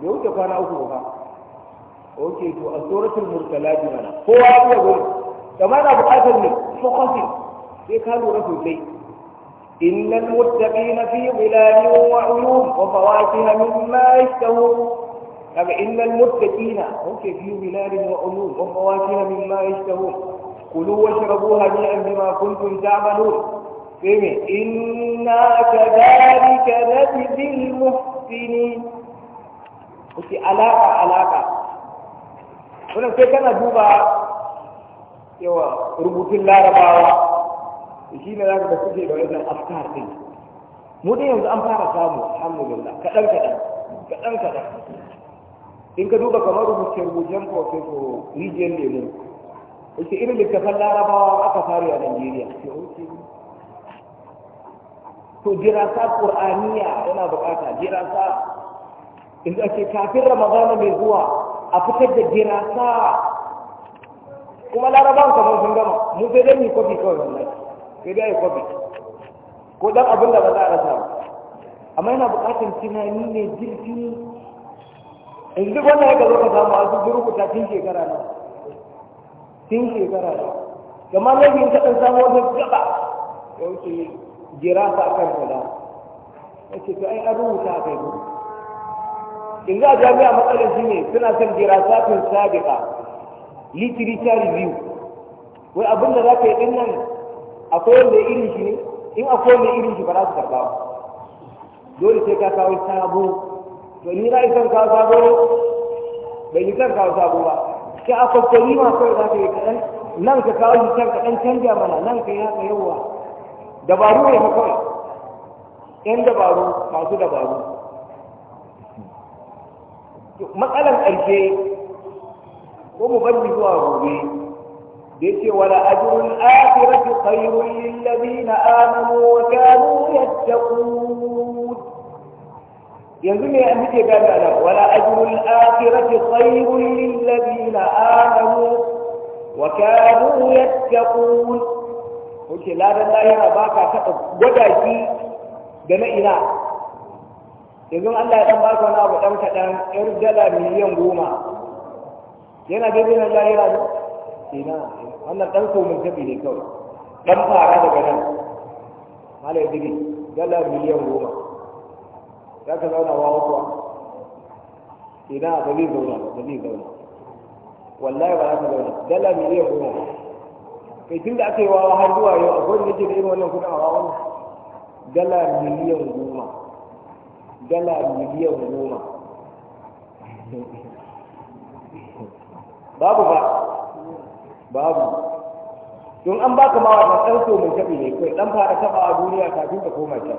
bai wuce kwana uku ba oke to a suratul mursalati mana kowa ya iya gurin kama na bukatar ne focusin sai ka lura sosai fi المتقين wa ظلال wa وفواكه mimma يشتهون kaga innal muttaqina oke fi wiladin wa ulum wa fawakiha mimma yashtahun kulu washrabu hadiyan bima kuntum ta'malun sai me inna kadhalika najzil muhsinin kuke alaka alaka wannan sai kana duba yawa rubutun larabawa shi ne zaka da suke da wannan afkar din mu dai yanzu an fara samu alhamdulillah kaɗan-kaɗan. kaɗan kaɗan in ka duba kamar rubuce rubucen profeso rijiyar lemu wace irin littafan larabawa aka faru a najeriya to jirasa ƙur'aniya yana bukata jirasa in da ke kafin ramadana mai zuwa a fitar da girasa kuma larabawan kamar sun gama Mun sai dai mu kofi kawai wannan sai dai kofi ko dan abin da ba za a rasa ba amma yana buƙatar tunani ne jirgi in duk wannan ya gazo ka samu a sun ta tun shekara na tun shekara na kamar laifin ka ɗan samu wani gaba ya wuce girasa kan kaza ya ce to ai an rubuta a kai in ga jami'a matsalar shi ne suna son dirasatin sabiqa literature review wai abin da za ka yi din nan akwai wanda ya irin shi ne in akwai wanda ya irin shi ba za su karɓa ba dole sai ka kawo sabo to ni ra'ayi son kawo sabo bai ni son kawo sabo ba sai a ni ma kawai za ka yi kaɗan nan ka kawo shi can kaɗan canja mana nan ka yi haka yawa dabaru ne fa kawai 'yan dabaru masu dabaru matsalan ƙarshe ko mu bari zuwa gobe da yake wala ajrul akhirati khayrun lil ladina amanu wa kanu yattaqun yanzu ne an yake gane ana wala ajrul akhirati khayrun lil ladina amanu wa kanu yattaqun ko ke ladan lahira baka taɓa gwada da na ina yanzu Allah ya dan baka wani abu dan kaɗan yar dala miliyan goma yana daidai na lahira ne ina wannan dan komin tabi ne kawai dan fara daga nan malai digi dala miliyan goma za ka zauna wa kuwa ina ba zai zauna ba zai zauna wallahi ba za ka zauna dala miliyan goma kai tun da aka yi wawa har zuwa yau akwai da nake da irin wannan kuɗin a wawan dala miliyan goma Gala miliyan goma babu ba babu don an baka ma wannan ɗan so mun taɓe ne kai ɗan fara taɓa a duniya kafin ka koma can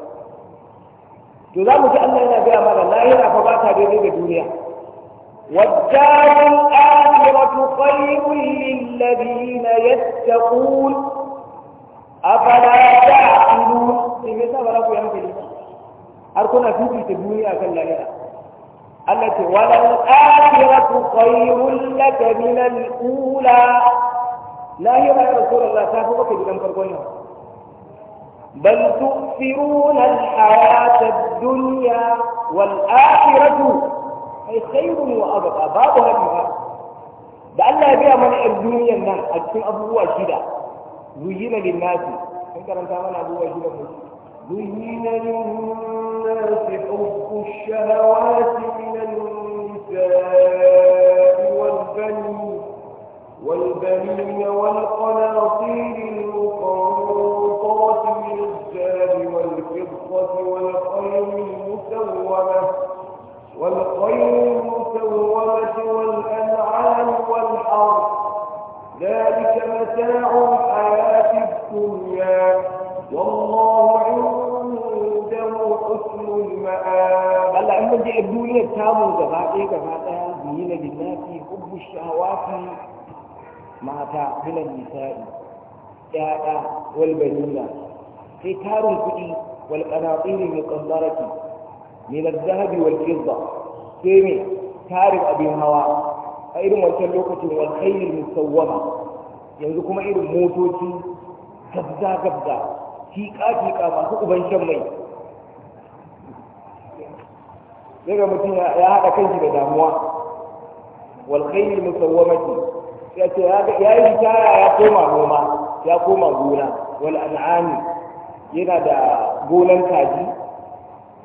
to za mu ji Allah yana gaya mana lahira fa ba ta daidai da duniya والدار الآخرة خير للذين يتقون أفلا تعقلون لماذا ولا ينفذ har kuna fifita duniya kan lahira Allah ce walal akhiratu khairul laka min al ula lahira ya rasulullah ta fi maka gidan farkon nan bal tu'thiruna al hayata ad dunya wal akhiratu ay khairun wa abqa babu hadiha da Allah ya biya mana yan duniyar nan a cikin abubuwa shida zuyina lin nasi sun karanta mana abubuwa shida mu زين للناس حب الشهوات من النساء والبنين والبنين والقناطير المقنطرة من الذهب والفضة والخير المسومة والخير المسومة والأنعام والحرث ذلك متاع الحياة الدنيا والله Allah in mun je duniyar tamu gaba ɗaya gaba ɗaya biyi na lillahi hubbu shawati mata bilan nisa'i ƴaƴa wal banina sai tarin kuɗi wal qanatir min qandarati min az-zahabi wal fidda sai ne tarin abin hawa a irin wancan lokacin wal khayl musawwama yanzu kuma irin motoci gabza gabza tika tika masu uban shan mai daga mutum ya haɗa kanki da damuwa wal khayl musawwamati ya ce ya yi shara ya koma noma ya koma gona wal an'ami yana da gonan kaji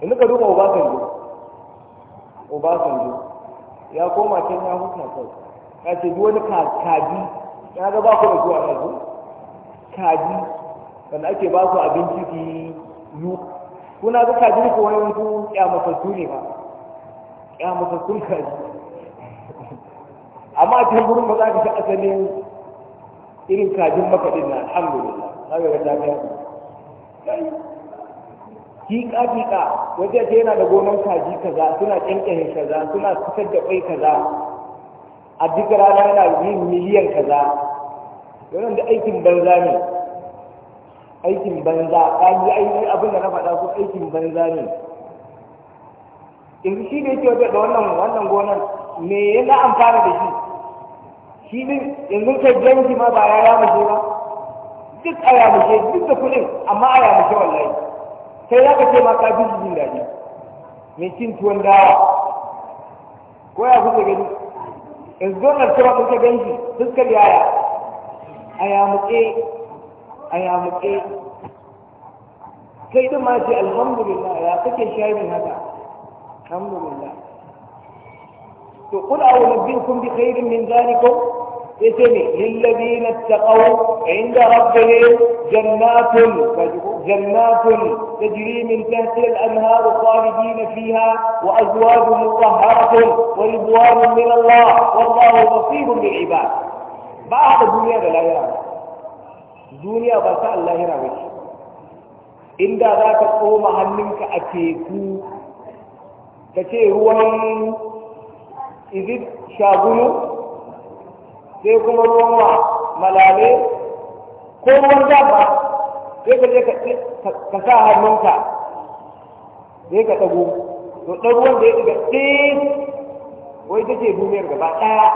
in ka duba obasanjo obasanjo ya koma can ya huta kai ya ce duk wani kaji ya ga ba ku da zuwa yanzu kaji wanda ake ba su abinci ki yi kuna ga kaji ko wani wani kyamatattu ne ba ya maka sun kaji amma a wurin gurin ba za ka shi asalin irin kajin maka din na alhamdulillah za ka ga ta kai kika ka waje ce yana da gonan kaji kaza suna kyankyahe kaza suna fitar da kai kaza a duk rana yana yin miliyan kaza wannan da aikin banza ne aikin banza kaji ainihin abin da na faɗa ko aikin banza ne yanzu shi ne ke wajen da wannan wannan gonan me ya na amfana da shi shi ne yanzu kai janji ma ba ya yamu ba duk a yamushe duk da kuɗin amma a yamushe wallahi sai ya ka ce ma ka jin jin daɗi mai cin tuwon dawa ko ya kusa gani yanzu gonar cewa kuka gan fuskar yaya a yamutse a yamutse kai din ma ce alhamdulillah ya kake shaidin haka الحمد لله تقول أو نبئكم بخير من ذلكم اسمي للذين اتقوا عند ربهم جنات جنات تجري من تحتها الأنهار خالدين فيها وأزواج مطهرة ورضوان من الله والله بصير بالعباد بعد الدنيا لا يرى الدنيا بس الله يرى إن ذاك قوم منك أتيكو ka ce ruwan izid shagulu sai kuma ruwan wa malale ko ruwan zaba sai ka je ka sa hannunka sai ka tsago. to ɗan ruwan da ya ɗiga ɗin wai ta ce duniyar gaba ɗaya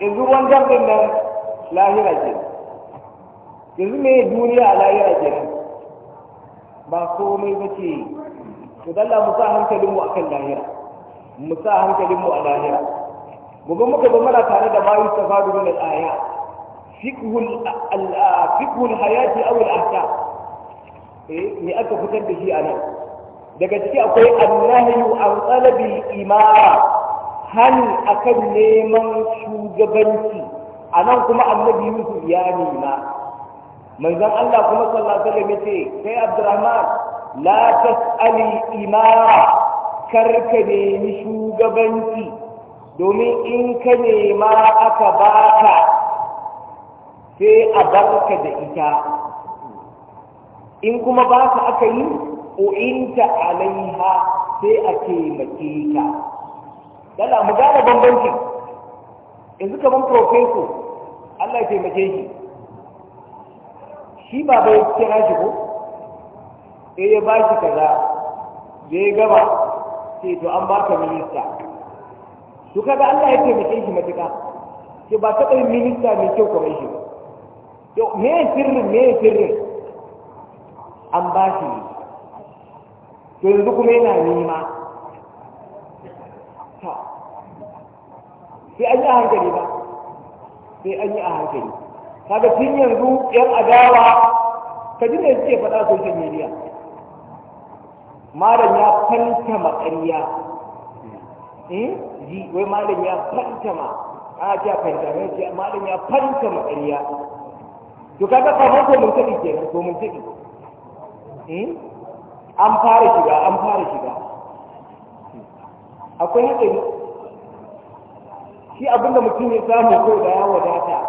yanzu ruwan ɗin nan lahira ke yanzu me duniya a lahira ke nan ba komai ba ce Su dalla mu sa hankalinmu a kan lahira mu sa hankalinmu a lahira gobe muka zo mana tare da ma yustafadu min al tsaya. fiqhul hayati aw al-ahkam eh me aka fitar da shi a nan daga ciki akwai annahyu an talabil imara hani akan neman shugabanci a nan kuma annabi yusuf ya nema manzon Allah kuma sallallahu alaihi wasallam yace kai Abdurrahman la tas'ali imara karka nemi shugabanci domin in ka nema aka baka sai a barka da ita in kuma baka aka yi o ta alaiha sai a taimake ta dala mu gane bambanci yanzu kaman profeso Allah ya taimake shi shi ba bai kira shi ko sai eh, ya ba shi kaza da ya gaba sai to an ba ka minista to kaga Allah ya taimake shi matuƙa sai ba taɓa yin minista mai kyau kamar shi ba to me ya sirrin me ya sirrin an ba shi to yanzu kuma yana nema sai an yi a hankali ba sai an yi a hankali kaga tun yanzu yan adawa ka ji su suke faɗa social media malam ya fantama ƙarya eh? ji wai malam ya ma a ce a fantama ce malam ya fanta ƙarya to kaga kamar ko mun tafi ke ko mun tafi eh? an fara shiga an fara shiga akwai haɗari shi abinda mutum ya samu ko da ya wadata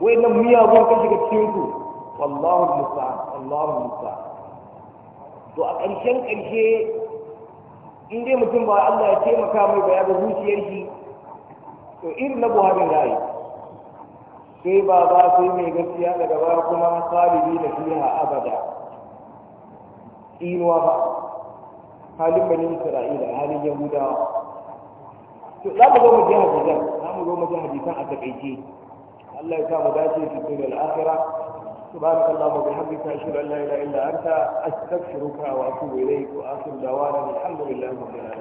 wayannan miyagun ka shiga cikin ku wallahu musa wallahu musa to a ƙarshen ƙarshe in dai mutum ba Allah ya taimaka mai ba ya ga zuciyar shi to irin na buharin yi sai ba ba sai mai gaskiya daga baya kuma salibi da fiha abada inuwa ba halin bani isra'ila halin yahudawa to za mu zo mu ji hadisan za mu zo mu ji a takaice Allah ya sa mu dace fi dunyal akhirah سبحانك اللهم وبحمدك اشهد ان لا اله الا انت استغفرك واتوب اليك واخر دعوانا الحمد لله رب العالمين